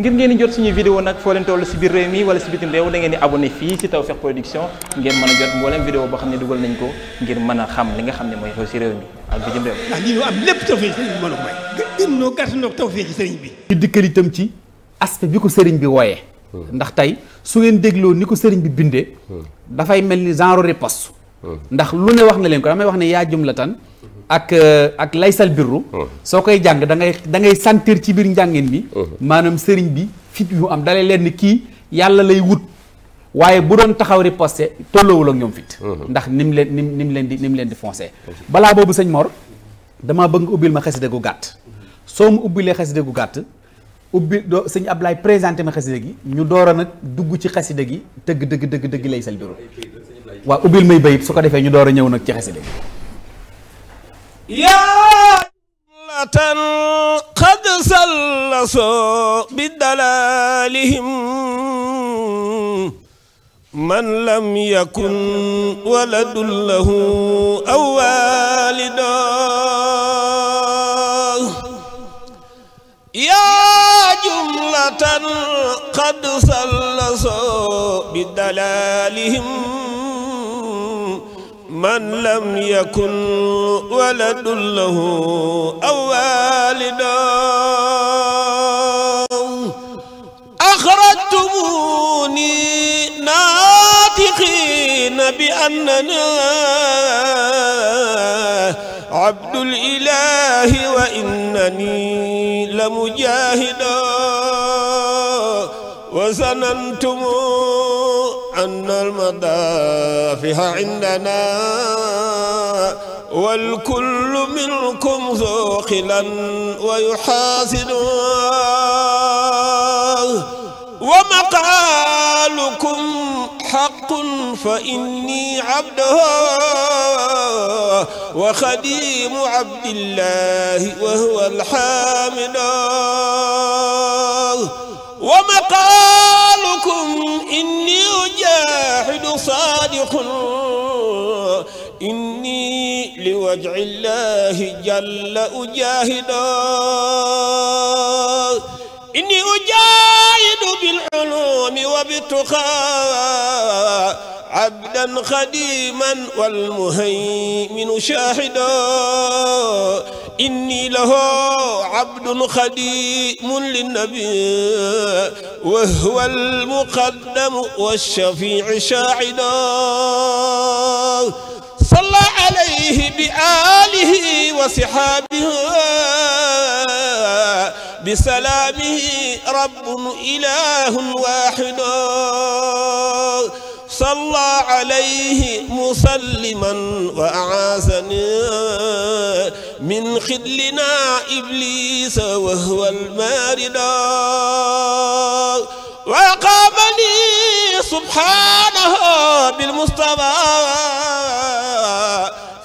ngir ngeen di jot suñu vidéo nag foo leen toll si biir réew mi wala si bitim réew da di abonné fii si Tawfekh Production ngeen mën a jot mboolem vidéo boo xam ne dugal nañ ko ngir mën a xam li nga xam ne mooy xew si réew mi ak bitim réew. ndax lii ñu am lépp tawfeex sëriñ a sëriñ bi. ñu dikkal itam ci aspect bi ko sëriñ bi wooyee. Hmm. ndax tey su ngeen dégloo ni ko sëriñ bi bindee. Hmm. dafay mel ni genre riposte. Hmm. ndax lu ne wax na leen ko damay wax ne yaa ta ak euh, ak laysal birru oh. soo koy jàng dangay ngay da ngay sentir ci biir njàngin bi oh. maanaam sëriñ bi fit yu am dalay leen ni kii yàlla lay wut waaye bu doon taxaw riposte tolloowul ak ñoom fit oh. ndax ni mu leen ni ni mu leen di ni leen di foncé balaa boobu sañ Mor damaa bëgg nga ubbil ma xaside gu gàtt soo mu ubbilee xaside gu gàtt ubbi doo sëñ Ablaay présenté ma xaside gi ñu door a nag dugg ci xaside gi dëgg dëgg dëgg dëgg laysal birru waaw ubbil may bayit su ko defee ñu door a ñëw nag ci xaside yaa latan qad sallasoo bidalalihim man lam yakun waladun lahu aw walidoo yaa jumlatan qad sallasoo bidalalihim من لم يكن ولد له أو والد أخرجتموني ناطقين بأننا عبد الإله وإنني لمجاهد وظننتموني أن المدافع عندنا والكل منكم ذو خلا ويحاسد ومقالكم حق فإني عبده وخديم عبد الله وهو الحامد ومقالكم إني صادق إني لوجه الله جل أجاهد إني أجاهد بالعلوم وبالتقى عبدا خديما والمهيمن شاهدا inni lahoo abdun xadimun linnabi wa huwa almuqaddamu walshafii shaaido salla alayhi bi alihi wa sihaabihi bi salaamihi rabbun ilahun waahido صلى عليه مسلما وأعاذني من خذلنا إبليس وهو المارد وقامني سبحانه بالمصطفى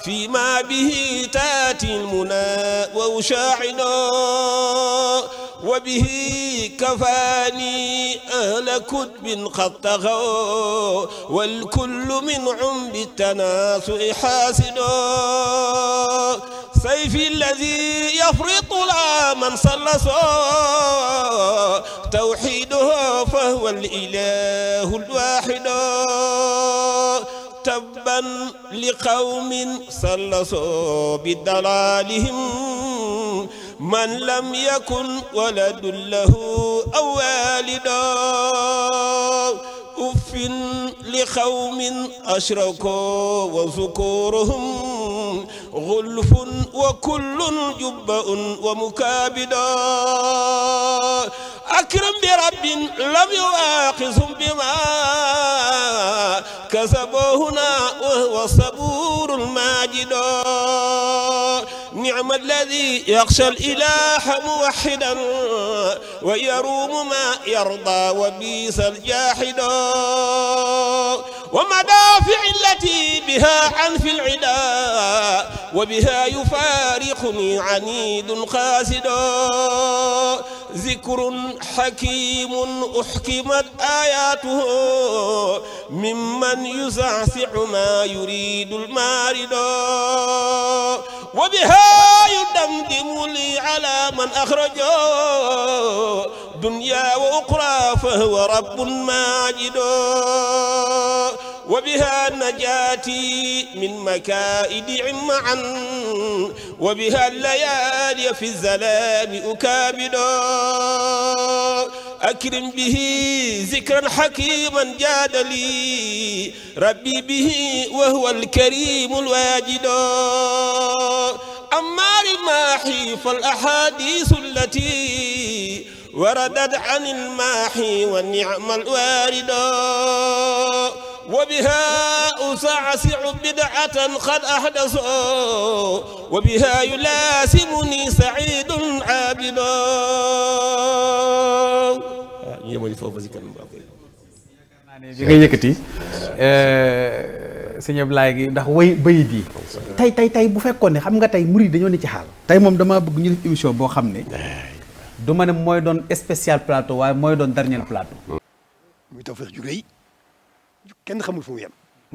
فيما به تاتي المنى وأشاعنا وبه كفاني أهل كتب قد تغوا والكل من عمر التناسع حاسد سيفي الذي يفرط لا من صلص توحيده فهو الإله الواحد تبا لقوم صلصوا بدلالهم man lam yakun waladun lahu aw walido uffin li xawmin ashrako wa zukuruhum xulfun wa kullun jubbaun wa mukaabido akram bi rabbin lam yuwaaqisum bima kasabohuna wa saburul maajido نعم الذي يخشى الإله موحدا ويروم ما يرضى وبيس الجاحد ومدافع التي بها عن في العدا وبها يفارقني عنيد خاسد ذكر حكيم أحكمت آياته ممن يزعزع ما يريد المارد وبها يدمدم لي على من أخرجه دنيا وأخرى فهو رب ماجد وبها نجاتي من مكائد عمعا وبها الليالي في الزلام أكابدا أكرم به ذكرا حكيما جاد لي ربي به وهو الكريم الواجد أما رماحي فالأحاديث التي وردت عن الماحي والنعم الوارد وبها أسعسع بدعة قد أحدثوا وبها يلاسمني سعيد عابد ñu yemali foofu si kanam nga yëkkati euh, sëñ Ablaye gi ndax way bayit yi tey tey tey bu fekkoon ne xam nga tey murid dañoo ne ci xaal tey moom damaa bëgg ñu def émission boo xam ne du ma ne mooy doon spécial plateau waaye mooy doon dernier plateau kenn xamul fu mu